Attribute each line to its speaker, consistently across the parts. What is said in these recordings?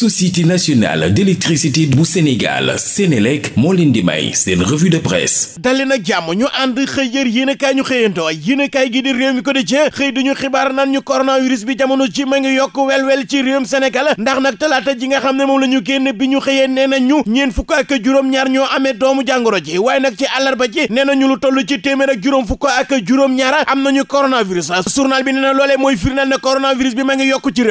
Speaker 1: société nationale d'électricité bu Sénégal Sénélec moo leen di may seen revue de presse dali jàmm ñu ànd xëy yër yéenekaay ñu xëyantoo yéenekaay gi di réew mi ko di cee xëy duñu xibaar naan ñu coronavirus bi jamono ji ma yokk wel-wel ci réewum Sénégal ndax nag talaata ji nga xam ne moom la ñu génn bi ñu xëyee nee nañ ñu ñeen fukk ak juróom-ñaar ñoo amee doomu jàngoro ji waaye nag ci àllarba ji nee nañu lu toll ci téeméer ak juróom fukk ak juróom na loolee mooy firndeel ne coronavirus bi ma ngi yokk ci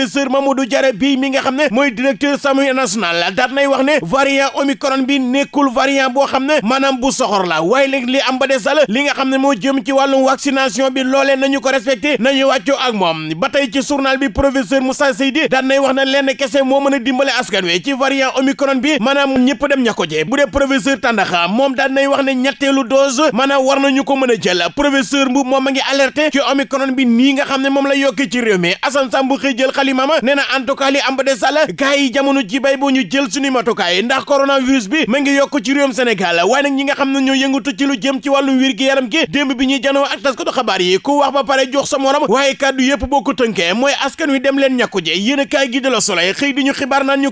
Speaker 1: professeur Mamadou Diarra bi mi nga xam ne mooy directeur SAMU national daat nay wax ne variant omicron bi nekkul variant boo xam ne maanaam bu soxor la waaye li am ba desal nga xam ne moo jëm ci wàllum vaccination bi loolee nañu ko respecté nañu wàccoo ak moom ba tey ci journal bi professeur Moussa Seydi daat nay wax ne lenn kese moo mën a dimbale askan wi ci variant omicron bi maanaam ñëpp dem ña ko jee bu dee professeur Tandaxa moom daat nay wax ne ñetteelu dose maanaam war nañu ko a jël professeur Mbu la yokkee limama nee na en tout cas li am ba des àll gars yi ñu jël suñu matukaay ndax coronavirus bi ma yokk ci réewum Sénégal waaye nag ñi nga xam ne ñoo ci lu jëm ci wàllu wér gi yaram gi bi ñuy janoo ak taskatu xabaar yi ku wax ba pare jox sa morom waaye kàddu yëpp boo ko tënkee mooy askan wi dem leen ñàkku ji yéen a kaay gi de la ñu xibaar naan ñu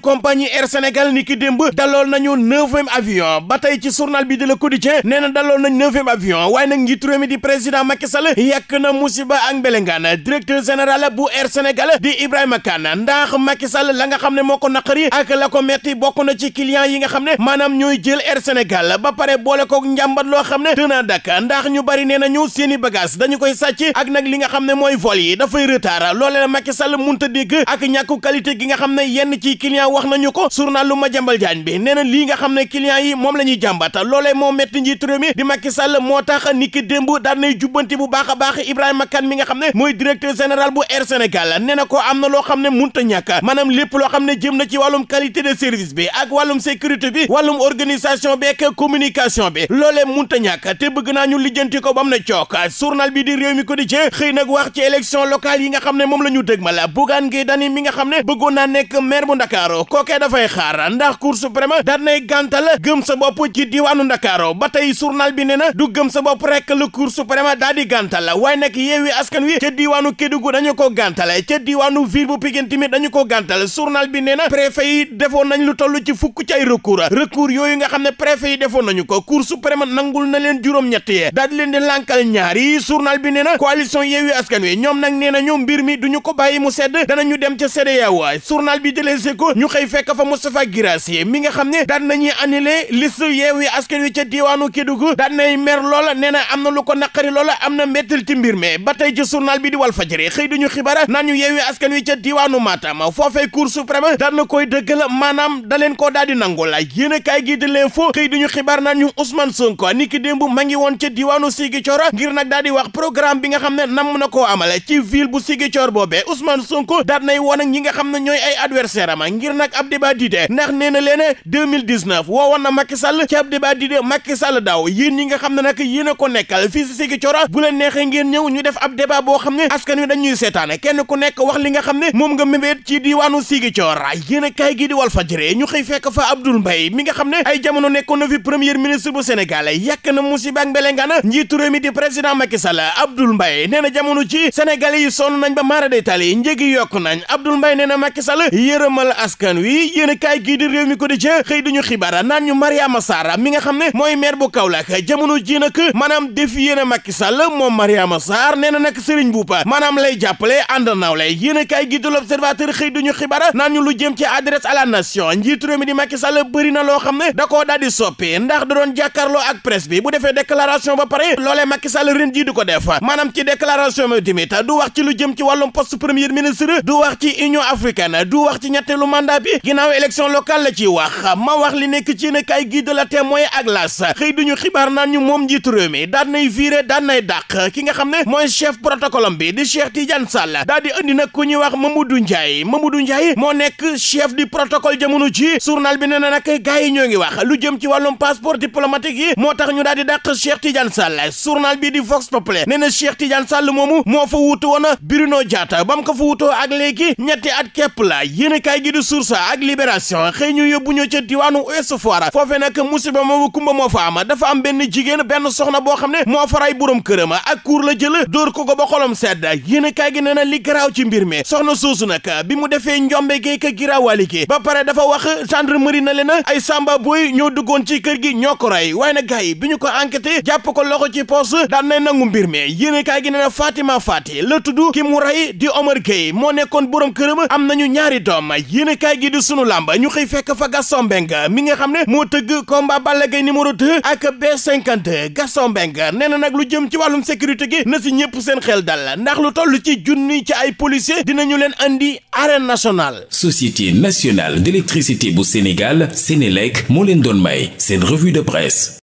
Speaker 1: Air Sénégal ni ki démb dalool nañu neuvième avion ba tey ci journal bi de Le Quotidien nee na Ibrahima Kane ndax Macky Sall la nga xam ne moo ko naqari ak la ko metti bokk ci client yi nga xam ne maanaam ñooy jël Air Sénégal ba pare boole ko njàmbat loo xam ne dina dakk ndax ñu bari nee nañu seeni bagage dañu koy sàcc ak nag li nga xam ne mooy vol yi dafay retard loolee la Macky Sall munta dégg ak ñàkku qualité gi nga xam ne yenn ci client wax nañu ko journal lu ma jàmbal jaañ bi nee na lii nga xam ne client yi moom la ñuy jàmbat loolee moo metti njiitu réew mi Sall moo tax niki démb daan nay jubbanti bu baax a baax Ibrahima Kane mi nga xam ne mooy directeur général bu Air Sénégal nee na ko loo xam ne munta ñàkk maanaam lépp loo xam ne jëm na ci wàllum qualité de service bi ak wàllum sécurité bi wàllum organisation bi ak communication bi loolee munta ñàkk te bëgg naa ñu lijjanti ko ba mu ne cook journal bi di réew mi quotidien xëy nag wax ci élection locale yi nga xam ne moom la ñu dëgmal Bougane Gueye Dany mi nga xam ne bëggoon naa nekk maire bu Ndakaaru kookee dafay xaar ndax Cour suprême daan nay gàntal gëm sa bopp ci diwaanu Ndakaaru ba tey journal bi nee na du gëm sa bopp rek la Cour suprême daal di gàntal waaye nag yeewi askan wi ca diwaanu Kédougou dañu ko gàntal ville bu Pikine tamit dañu ko gàntal journal bi nee na préfet yi defoon nañ lu toll ci fukk ci ay recours recours yooyu nga xam ne préfet yi defoon nañu ko cour suprême nangul na leen juróom-ñett yee daal di leen di lànkal ñaar yi journal bi nee na coalition Yewwi Askan Wi ñoom nag nee na ñoom mbir mi duñu ko bàyyi mu sedd danañu dem ca CEDEAO journal bi jëlee ko ñu xëy fekk fa Moustapha Guirassy mi nga xam ne daan nañuy annulé liste Yewwi Askan Wi ca diwaanu Kédougou daan nay mer loola nee na am na lu ko naqari loola am na mettal ci mbir mi ba tey ci journal di Walf Fadjri xëy ca diwaanu Matam ma Cour suprême daan na koy dëggal maanaam da leen koo daal di nangul yéene kaay gi di l'info xëy duñu xibaar naan ñu Ousmane Sonko ni ki démb ma ngi woon ca diwaanu Ziguinchor ngir nag daal di wax programme bi nga xam ne nam na ko amale ci ville bu Ziguinchor boobee Ousmane Sonko daat nay woon ak ñi nga xam ne ñooy ay adversaire ama ngir nag ab débat d'idée ndax nee na leen 2019 woowoon na Macky Sall ci ab débat d'idée Macky Sall yéen ñi ñëw ñu def ab débat boo xam ne askan wi dañuy seetaan kenn ku nekk wax li xam moom nga mébét ci diiwaanu Ziguinchor kaay gi di Walf Fadjri ñu xëy fekk fa Abdoul mbay mi nga xam ne ay jamono nekkoon na fi premier ministre bu Sénégal yakk na musiba ak mbelengaana njiitu réew mi di président Macky Sall Abdoul Mbaye nee na jamono ci Sénégalais yi sonn nañ ba maara day tali njëgi yokk nañ Abdoul Mbaye nee na Macky Sall yërëmal askan wi yéenekaay gii di réew mi quotidien xëy duñu xibaar naan ñu Mariama Sarr mi nga xam ne mooy maire bu Kaolack jamono ji nag maanaam défier na Macky Sall moom Mariama Sarr nee na nag Serigne Mboup maanaam lay jàppale ànd naaw gi du xëy duñu xibara naan lu jëm ci adresse à la nation njiitu mi di Macky Sall bëri na loo xam ne da koo daal di soppi ndax da doon jàkkaarloo ak presse bi bu defee déclaration ba pare loolee Macky Sall ren jii du ko def maanaam ci déclaration bi tamit du wax ci lu jëm ci wàllum poste premier ministre du wax ci union africaine du wax ci ñetteelu mandat bi ginnaaw élection locale la ciy wax ma wax li nekk ci yéen kay gi de la témoin ki nga xam ne mooy chef protocole bi di Cheikh Tidiane Sall daal ma Mamadou Ndiaye du Ndiaye moo nekk chef du protocole jamono ji journal bi nee na nag gars yi ñoo ngi wax lu jëm ci wàllum passeport diplomatique yi moo tax ñu daal di dàq Cheikh Tidiane Sall journal bi di Vox Populi nee na Cheikh Tidiane Sall moomu moo fa wuutu woon Bruno jaata ba mu ko fa wuutoo ak léegi ñetti at kepp la yéen gi di Source A ak Libération xëy ñu yóbbu ñu ca diwaanu Ouest Foire foofee nag musiba a kumba moo fa am dafa am benn jigéen benn soxna boo xam ne moo faray borom këram ak kuur la jël dóor ko ko ba xolam sedd yéen kaay gi nee na li garaaw ci mbir mi soxna soosu nag bi mu defee njombe géey ka giraawaali gi ba pare dafa wax gendarmerie na leen ay samba booy ñoo duggoon ci kër gi ñoo ko rey waaye nag gars yi bi ñu ko enquêté jàpp ko loxo ci poos daan na nangu mbir mi yéene kaay gi nee na Fatima Faty la tudd ki mu rey di Omar Gueye moo nekkoon borom këram am nañu ñaari doom yéene kaay gi di sunu làmb ñu xëy fekk fa Gaston Mbengue mi nga xam ne moo tëgg combat Balla Gaye numéro 2 ak B52 Gaston Mbengue nee na nag lu jëm ci wàllum sécurité gi na ñëpp seen xel dal ndax lu toll ci junni ci ay policier dinañu leen andi arène nationale. société nationale d'électricité bu Sénégal Sénélec moo leen doon may seen revue de presse.